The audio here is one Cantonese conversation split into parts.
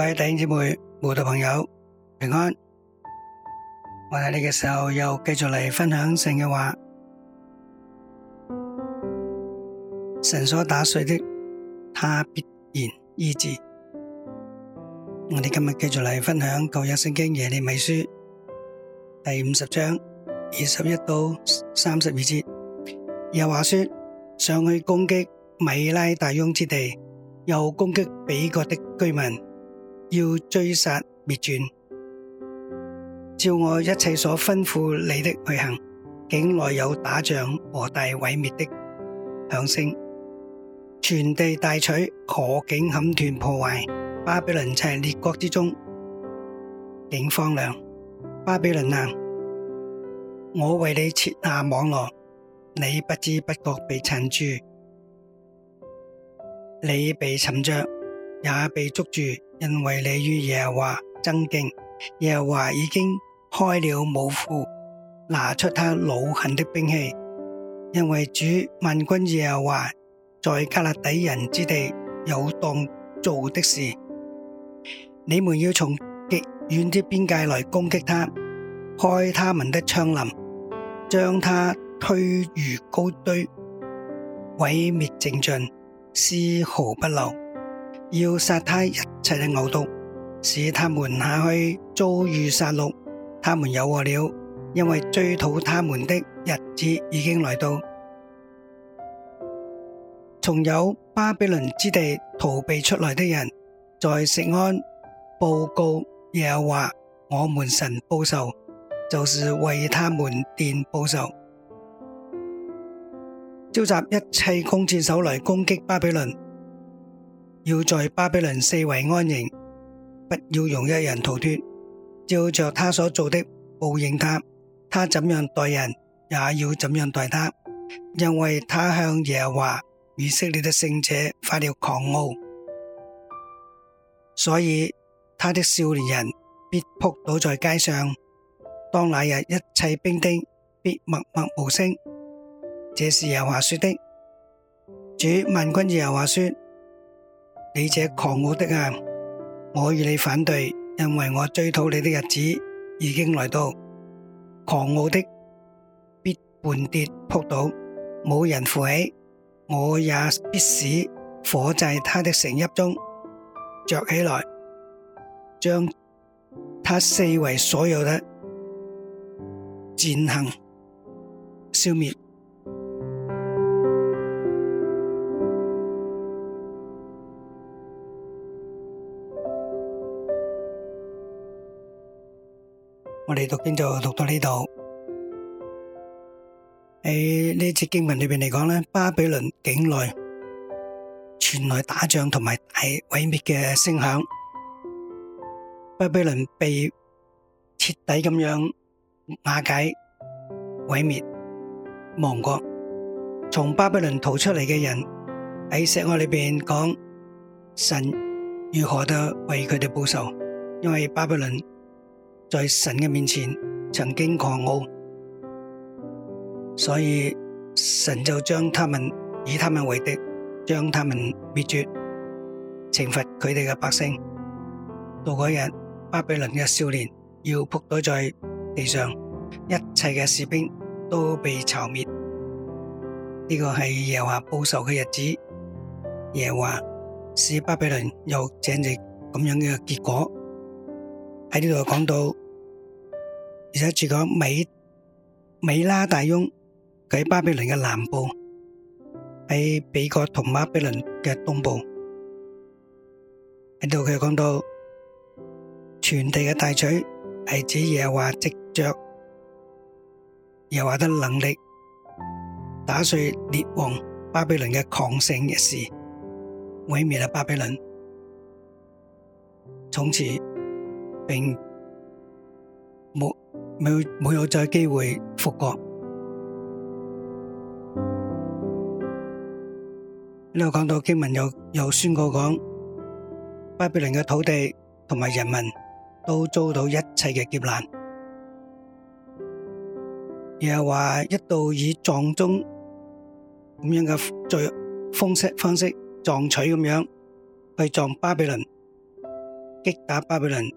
各位弟兄姊妹、慕道朋友平安，我哋喺呢個時候又繼續嚟分享神嘅話，神所打碎的，他必然醫治。我哋今日繼續嚟分享舊約聖經耶利米書第五十章二十一到三十二節，有話說上去攻擊米拉大雍之地，又攻擊比國的居民。要追殺滅絕，照我一切所吩咐你的去行。境內有打仗和大毀滅的響聲，全地大取何竟，砍斷破壞。巴比倫就係列國之中，何竟荒涼。巴比倫啊，我為你設下網羅，你不知不覺被纏住，你被尋著也被捉住。因為你與耶和華爭競，耶和華已經開了武庫，拿出他老恨的兵器。因為主萬軍耶和華在加勒底人之地有當做的事，你們要從極遠的邊界來攻擊他，開他們的槍林，將他推如高堆，毀滅淨盡，絲毫不留。要殺他一切嘅牛犢，使他們下去遭遇殺戮。他們有禍了，因為追討他們的日子已經來到。從有巴比倫之地逃避出來的人，在食安報告耶話：我們神報仇，就是為他們殿報仇，召集一切弓箭手來攻擊巴比倫。要在巴比倫四圍安營，不要容一人逃脫，照着他所做的報應他，他怎樣待人，也要怎樣待他，因為他向耶和華以色列的聖者發了狂傲，所以他的少年人必仆倒在街上，當那日一切兵丁必默默無聲，這是耶和華說的。主萬軍耶和華說。你這狂傲的啊！我與你反對，因為我追討你的日子已經來到。狂傲的必半跌扑倒，冇人扶起，我也必使火在他的城邑中着起來，將他四圍所有的戰行消滅。嚟你讀邊度讀到呢度。喺呢節經文裏邊嚟講咧，巴比倫境內傳來打仗同埋大毀滅嘅聲響，巴比倫被徹底咁樣瓦解、毀滅、亡國。從巴比倫逃出嚟嘅人喺錫安裏邊講神如何都為佢哋報仇，因為巴比倫在神的面前曾經狂傲，所以神就將他們、以他們為敵，將他們滅絕。而且住個美，美拉大翁，喺巴比倫嘅南部，喺俾國同巴比倫嘅東部。喺度佢講到，全地嘅大錘係指耶華藉着耶華的能力打碎列王巴比倫嘅強盛嘅事，毀滅咗巴比倫，從此並。冇冇冇有再機會復國。呢度講到經文又又宣告講，巴比倫嘅土地同埋人民都遭到一切嘅劫難，又話一度以撞中咁樣嘅罪方式方式撞取咁樣去撞巴比倫，擊打巴比倫。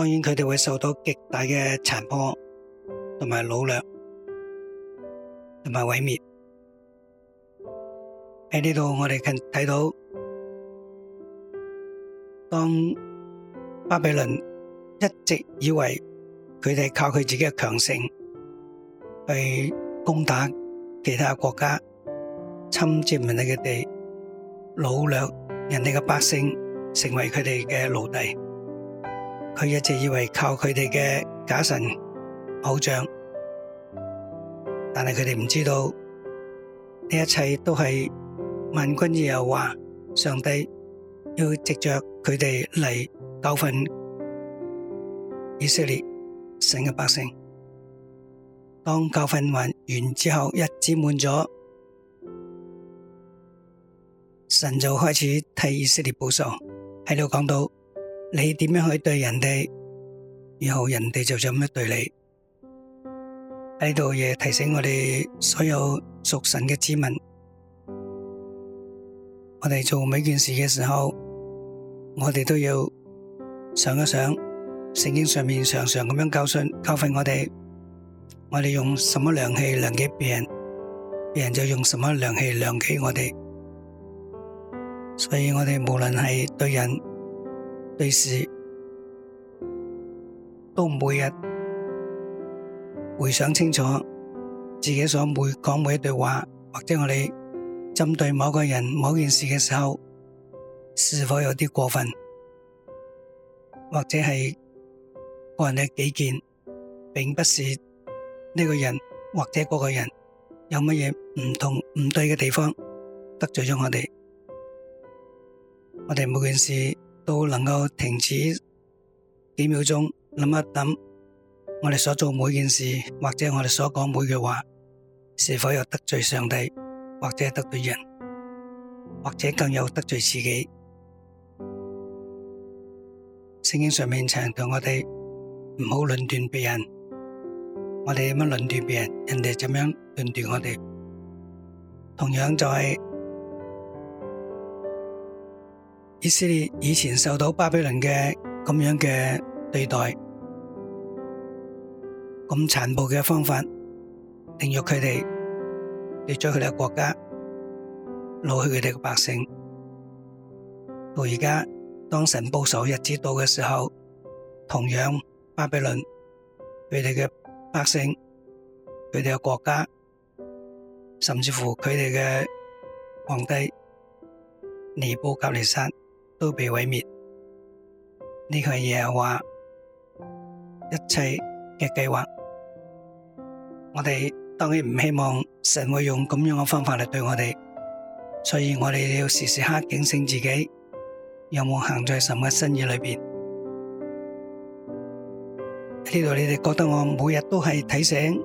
當然佢哋會受到極大嘅殘破，同埋擄掠，同埋毀滅。喺呢度我哋睇到，當巴比倫一直以為佢哋靠佢自己嘅強盛去攻打其他嘅國家，侵佔人哋嘅地，擄掠人哋嘅百姓，成為佢哋嘅奴隸。佢一直以為靠佢哋嘅假神偶像，但係佢哋唔知道呢一切都係萬軍之又話上帝要藉着佢哋嚟教訓以色列成嘅百姓。當教訓完完之後，日子滿咗，神就開始替以色列報仇。喺度講到。你點樣去對人哋，以後人哋就咁樣對你。喺度也提醒我哋所有屬神嘅子民，我哋做每件事嘅時候，我哋都要想一想，聖經上面常常咁樣教訓教訓我哋，我哋用什麼量器量給別人，別人就用什麼量器量給我哋。所以我哋無論係對人。對事都每日回想清楚，自己所每講每一句話，或者我哋針對某個人、某件事嘅時候，是否有啲過分，或者係個人嘅己見，並不是呢個人或者嗰個人有乜嘢唔同唔對嘅地方得罪咗我哋，我哋每件事。都能夠停止幾秒鐘諗一諗，我哋所做每件事，或者我哋所講每句話，是否有得罪上帝，或者得罪人，或者更有得罪自己？聖經上面常對我哋唔好論斷別人，我哋點樣論斷別人，人哋點樣論斷我哋，同樣就係、是。以色列以前受到巴比倫嘅咁樣嘅對待，咁殘暴嘅方法，凌辱佢哋，滅咗佢哋嘅國家，擄去佢哋嘅百姓。到而家當神報仇日子到嘅時候，同樣巴比倫佢哋嘅百姓、佢哋嘅國家，甚至乎佢哋嘅皇帝尼布甲尼撒。都被毀滅，呢句係嘢話一切嘅計劃。我哋當然唔希望神會用咁樣嘅方法嚟對我哋，所以我哋要時時刻警醒自己，有冇行在神嘅心意裏邊？呢度你哋覺得我每日都係提醒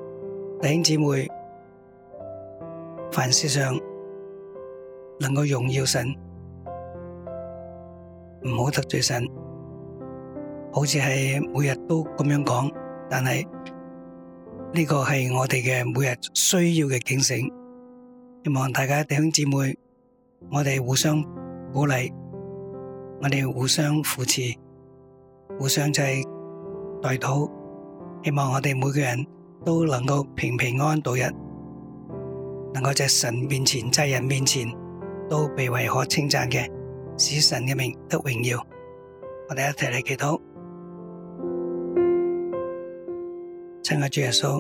弟兄姊妹，凡事上能夠榮耀神。唔好得罪神，好似係每日都咁樣講，但係呢個係我哋嘅每日需要嘅警醒。希望大家弟兄姊妹，我哋互相鼓勵，我哋互相扶持，互相祭代禱。希望我哋每個人都能夠平平安安度日，能夠在神面前、在人面前都被為可稱讚嘅。使神嘅名得榮耀，我哋一齊嚟祈禱。親愛嘅主耶穌，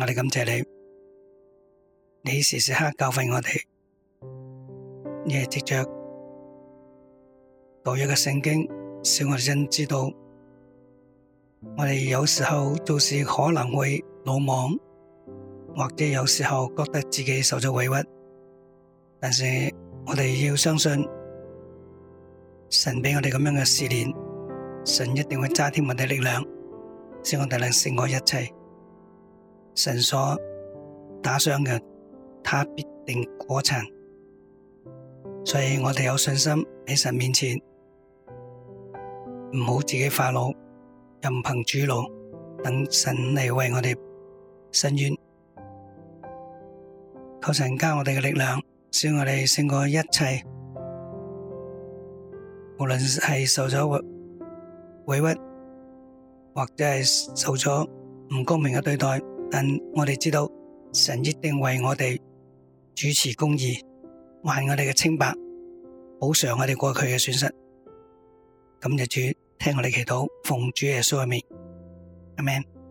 我哋感謝你，你時時刻教訓我哋，你係藉著道約嘅聖經，使我哋真知道，我哋有時候做事可能會魯莽，或者有時候覺得自己受咗委屈，但係我哋要相信。神畀我哋咁樣嘅試煉，神一定會加添我哋力量，使我哋能勝過一切。神所打傷嘅，他必定裹纏。所以我哋有信心喺神面前，唔好自己發怒，任憑主怒，等神嚟為我哋伸冤。求神加我哋嘅力量，使我哋勝過一切。無論係受咗委屈，或者係受咗唔公平嘅對待，但我哋知道神一定為我哋主持公義，還我哋嘅清白，補償我哋過去嘅損失。咁就主聽我哋祈禱，奉主耶穌嘅名，阿門。阿